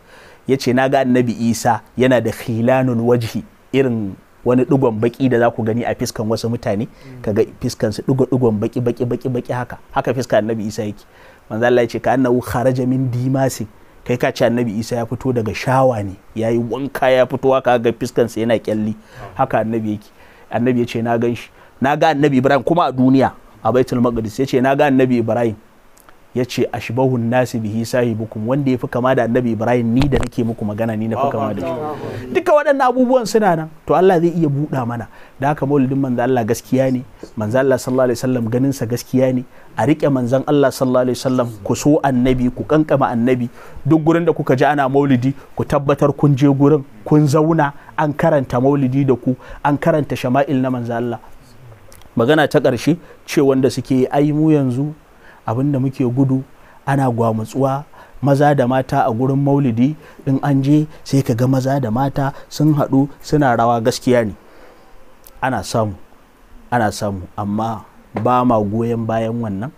ya ce na ga annabi Isa yana da khilanul wajhi irin wani digon baki da zaku gani a fiskan wasu mutane kaga fiskan su dugo digon baki baki baki baki haka haka fiska annabi Isa yake manzo Allah ya ce ka annahu kharaja min dimasin kai ka ce annabi isa ya fito daga shawa ne ya yi wanka ya fito haka ga fiskansa yana kyalli haka annabi yake annabi ya ce na gan na ga annabi ibrahim kuma a duniya a baitul maqdis ya ce na ga annabi ibrahim ya ce ashbahu nasi bihi sahibukum wanda ya fi kama da annabi ibrahim ni da nake muku magana ni na fi kama da shi duka waɗannan abubuwan suna nan to Allah zai iya buɗa mana da haka maulidin manzo Allah gaskiya ne manzo Allah sallallahu alaihi wasallam ganin sa gaskiya ne a riƙe manzan Allah sallallahu alaihi wasallam ku so annabi ku kankama annabi duk gurin da kuka ji ana maulidi ku tabbatar kun je gurin kun zauna an karanta maulidi da ku an karanta shama'il na manzan Allah magana ta ƙarshe ce wanda suke ai mu yanzu abin da muke gudu ana gwamutsuwa maza da mata a gurin maulidi in an je sai ka ga maza da mata sun haɗu suna rawa gaskiya ne ana samu ana samu amma ba ma goyon bayan wannan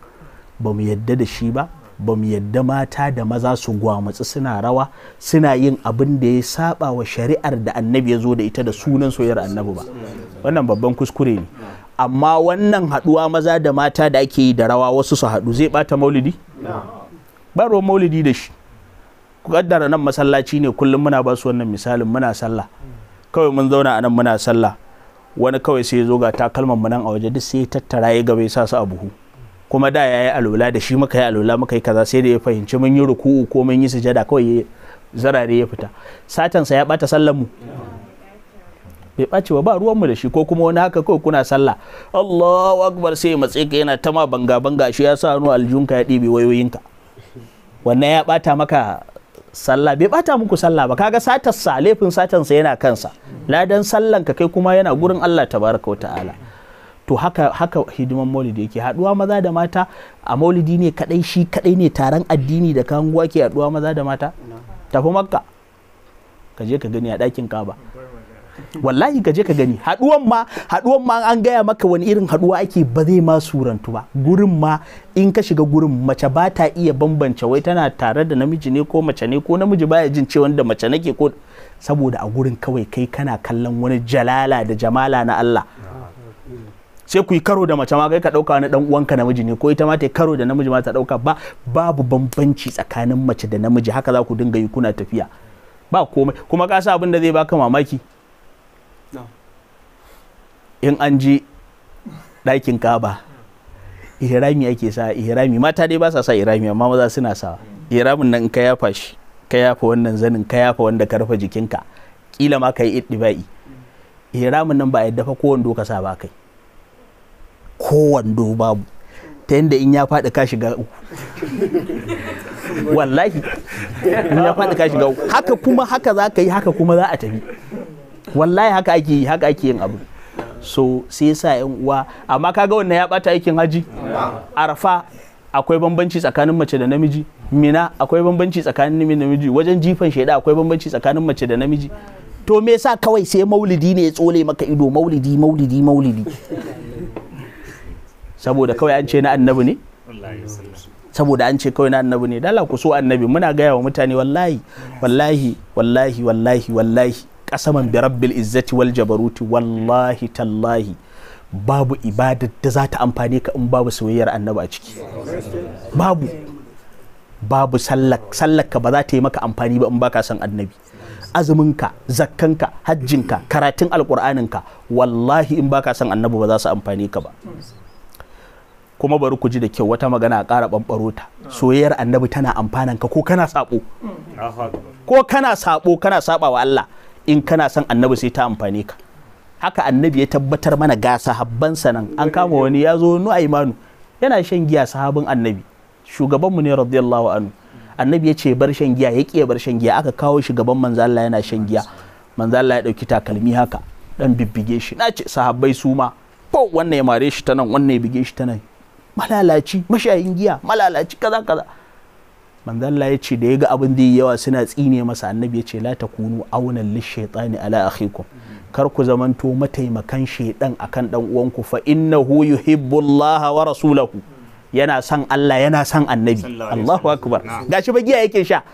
ba mu yadda da shi ba ba mu yadda mata da maza su gwamutsu suna rawa suna yin abin da ya saba wa shari'ar da annabi ya zo da ita da sunan soyayyar annabi ba wannan babban kuskure ne amma wannan haduwa maza da mata da ake yi da rawa wasu su haɗu zai bata maulidi baro maulidi da shi ku kaddara nan masallaci ne kullum muna ba su wannan misalin muna sallah kawai mun zauna anan muna sallah wani kawai sai zo ga takalman mu nan a waje duk sai tattara ya gaba ya sa su a buhu kuma da yayi alwala da shi muka yi alwala muka yi kaza sai da ya fahimci mun yi ruku'u ko mun yi sujada kawai zarare ya fita satan sa ya bata sallan mu bai ɓace ba ba mu da shi ko kuma wani haka kawai kuna sallah Allahu akbar sai matseka ka yana tama banga banga shi ya sa hannu aljunka ya ɗibe wayoyinka wannan ya bata maka sallah bai bata muku sallah ba kaga satar sa laifin satan sa yana kansa ladan sallan ka kai kuma yana gurin Allah tabaraka wa ta'ala to haka haka hidiman maulidi yake haduwa maza da mata a maulidi ne kadai shi kadai ne taron addini da kanguwa ke haduwa maza da mata tafi makka ka je ka gani a dakin kaba wallahi gaje ka gani haduwan ma haduwan ma an gaya maka wani irin haduwa ake ba zai ma surantu ba gurin ma in ka shiga gurin mace ba ta iya bambance wai tana tare da namiji ne ko mace ne ko namiji baya jin cewa da mace nake ko saboda a gurin kawai kai kana kallon wani jalala da jamala na Allah sai ku yi karo da mace ma kai ka dauka wani dan uwanka namiji ne ko ita ma ta karo da namiji ma ta dauka ba babu bambanci tsakanin mace da namiji haka za ku dinga yi kuna tafiya ba komai kuma ka sa abin da zai baka mamaki in an ji ɗakin kaba ihrami ake sa ihrami mata dai ba sa sa ihrami amma maza suna sa ihramin nan ka yafa shi ka yafa wannan zanin ka yafa wanda ka rufe jikinka kila ma ka yi iddibai ihramin nan ba yadda fa ko wando ka sa ba kai ko wando babu ta yadda in ya faɗi ka shiga wallahi in ya faɗi ka shiga haka kuma haka za ka yi haka kuma za a tafi wallahi haka ake haka ake yin abu so sai sa yan uwa amma kaga wannan ya bata aikin haji arfa akwai bambanci tsakanin mace da namiji mina akwai bambanci tsakanin namiji wajen jifan shaida akwai bambanci tsakanin mace da namiji to me yasa kawai sai maulidi ne ya tsole maka ido maulidi maulidi maulidi saboda kawai an ce na annabi ne saboda an ce kawai na annabi ne dala ku so annabi muna gaya wa mutane wallahi wallahi wallahi wallahi wallahi kasaman bi rabbil izzati wal jabaruti wallahi tallahi babu ibadar da za ta amfane ka in babu soyayyar annabi a ciki babu babu sallar ka ba za ta yi maka amfani ba in baka son annabi azuminka zakkanka hajjinka karatun alkur'aninka wallahi in baka son annabi ba za su amfani ka ba kuma bari ku ji da kyau wata magana a ƙara ɓanɓaro ta soyayyar annabi tana amfanan ka ko kana saɓo mm. ko kana saɓo kana saɓa wa Allah in kana son annabi sai ta amfani ka haka annabi ya tabbatar mana ga sahabbansa nan an kama wani ya zo nu imanu yana shan giya sahabin annabi shugabanmu ne radiyallahu anhu annabi ya ce bar shan giya ya ke bar shan giya aka kawo shi gaban manzo Allah yana shan giya manzo Allah ya dauki takalmi haka dan bibbige shi na ce sahabbai su ma ko wannan ya mare shi ta nan wannan ya bige shi ta nan malalaci mashayin giya malalaci kaza kaza manzalla ya ce da ya ga abin da yawa suna tsine masa annabi ya ce la ta kunu aunan shaytani ala akhikum kar ku zamanto mataimakan shaidan akan dan uwanku fa innahu Allah wa rasulahu yana son Allah yana son annabi Allahu akbar gashi giya yake sha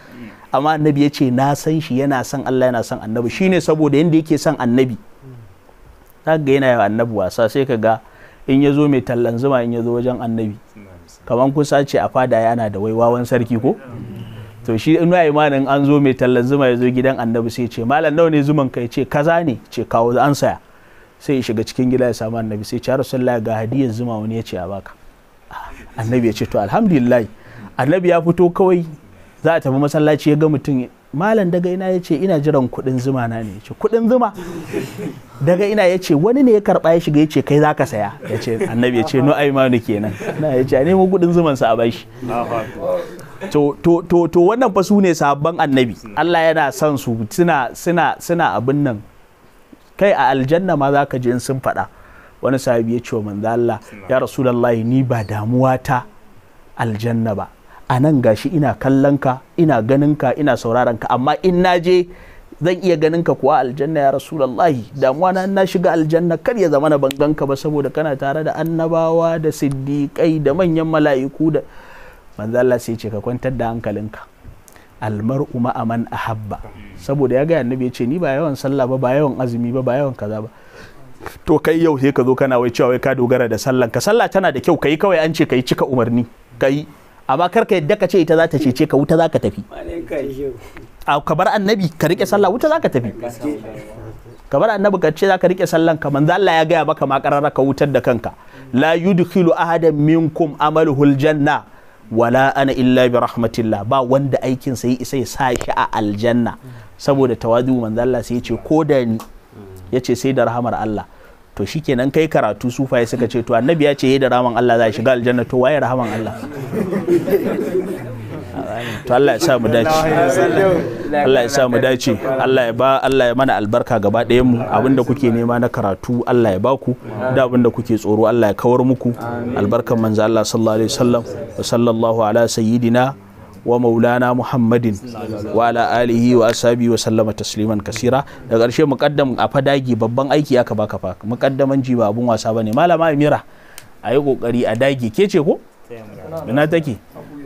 amma annabi ya ce na san shi yana son Allah yana son annabi shine saboda yanda yake son annabi zaka ga yana yawa annabi wasa sai ka ga in ya zo mai tallan zuma in ya zo wajen annabi kamar kun ce a fada yana da waiwawan sarki ko to shi in ya imanin an zo mai tallan zuma ya zo gidan annabi sai ce malam nawa ne zuman kai ce kaza ne ce kawo an saya sai ya shiga cikin gida ya samu annabi sai ce rasulullah ga hadiyar zuma wani ya ce a baka annabi ya ce to alhamdulillah annabi ya fito kawai za a tafi masallaci ya ga mutum malam daga ina ya ce ina jiran kudin zuma na ne ce kuɗin zuma daga ina ya ce wani ne ya karba ya shiga ya ce kai za ka saya ya ce annabi ya ce no kenan na ya ce a nemo kuɗin zuman sa a bashi to to wannan fa su ne sabon annabi Allah yana son su suna suna abin nan kai a aljanna ma za ji in sun faɗa wani sahabi ya ce wa manzo Allah ya rasulullahi ni ba damuwa ta aljanna ba a nan gashi ina kallon ka ina ganin ka ina sauraron ka amma in na je zan iya ganin ka kuwa aljanna ya rasulallahi damuwa na na shiga aljanna kar ya zama na ban ganka ba saboda kana tare da annabawa da siddiƙai da manyan mala'iku da manzo Allah sai ce ka kwantar da hankalinka almar'u ma'a ahabba saboda ya ga annabi ya ce ni ba yawan sallah ba ba yawan azumi ba ba yawan kaza ba to kai yau sai ka zo kana wai cewa wai ka dogara da sallan ka sallah tana da kyau kai kawai an ce kai cika umarni kai amma kar ka yadda ka ce ita za ta cece ka wuta za ka tafi a kabar annabi ka rike sallah wuta za ka tafi kabar annabi ka ce za ka rike sallah ka manzo Allah ya gaya maka ma karara ka wutar da kanka la yudkhilu ahadan minkum amaluhul janna wala ana illa bi rahmatillah ba wanda aikin sai isa ya sa a aljanna saboda tawadu manzo Allah sai ya ce ko da ni yace sai da rahamar Allah to shi shikenan kai karatu sufaye suka ce to annabi ya ce yayi da rahman Allah za shiga aljanna to waye rahaman Allah to Allah ya sa mu dace Allah ya sa mu dace Allah ya ba Allah ya mana albarka gaba ɗayan mu abinda kuke nema na karatu Allah ya baku da abinda kuke tsoro Allah ya kawar muku albarkan manzo Allah sallallahu alaihi wasallam wa sallallahu ala sayyidina wa maulana muhammadin wa ala alihi wa wa sallama tasliman kasira da ƙarshe muƙaddam a fadagi babban aiki aka baka fa muƙaddaman ji ba abun wasa bane malama amira a yi a dagi ke ce ko ina take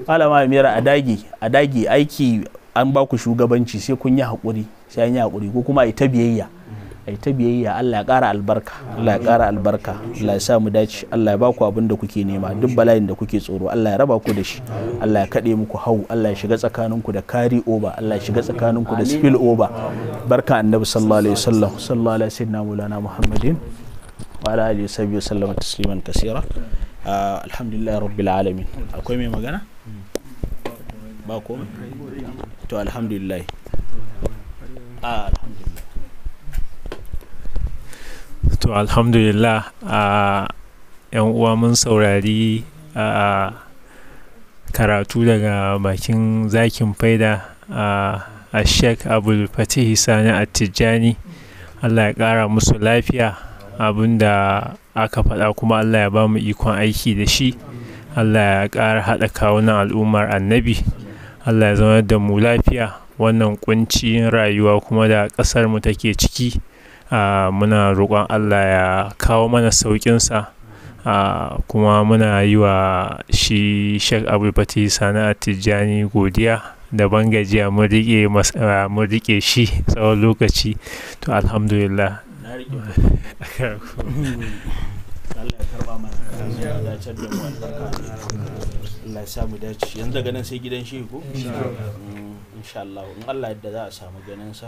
malama amira a dagi a dagi aiki an baku shugabanci sai kun yi hakuri sai an yi hakuri ko kuma a yi ta biyayya ai ta biyayya Allah ya ƙara albarka Allah ya ƙara albarka Allah ya sa mu dace Allah ya baku abin da kuke nema duk bala'in da kuke tsoro Allah ya raba ku da shi Allah ya kaɗe muku hau Allah ya shiga tsakaninku da kari over Allah ya shiga tsakaninku da spill over barka annabi sallallahu alaihi wasallam sallallahu alaihi sayyidina maulana muhammadin wa ala alihi wa sallama tasliman kaseera ah, alhamdulillah rabbil alamin akwai mai magana ba komai to alhamdulillah alhamdulillah to alhamdulillah a yan uwa mun saurari a karatu daga bakin zakin faida a sheik abul fatih sani attijani allah ya kara musu lafiya abinda aka faɗa kuma allah ya ba mu ikon aiki da shi allah ya kara haɗa kawunan al'ummar annabi allah ya zama da mu lafiya wannan kuncin rayuwa kuma da ƙasarmu take ciki Ah, muna roƙon Allah ya kawo mana sauƙinsa ah, kuma muna yi wa shi Sheikh Abdulfati Sana'a Tijjani godiya da ban gajiya ah, mun riƙe shi tsawon lokaci to alhamdulillah Allah ya karba mana ya dacar da mu Allah ya samu dace yanzu daga nan sai gidan shi ko mm, insha Allah in Allah yadda za a samu ganin sa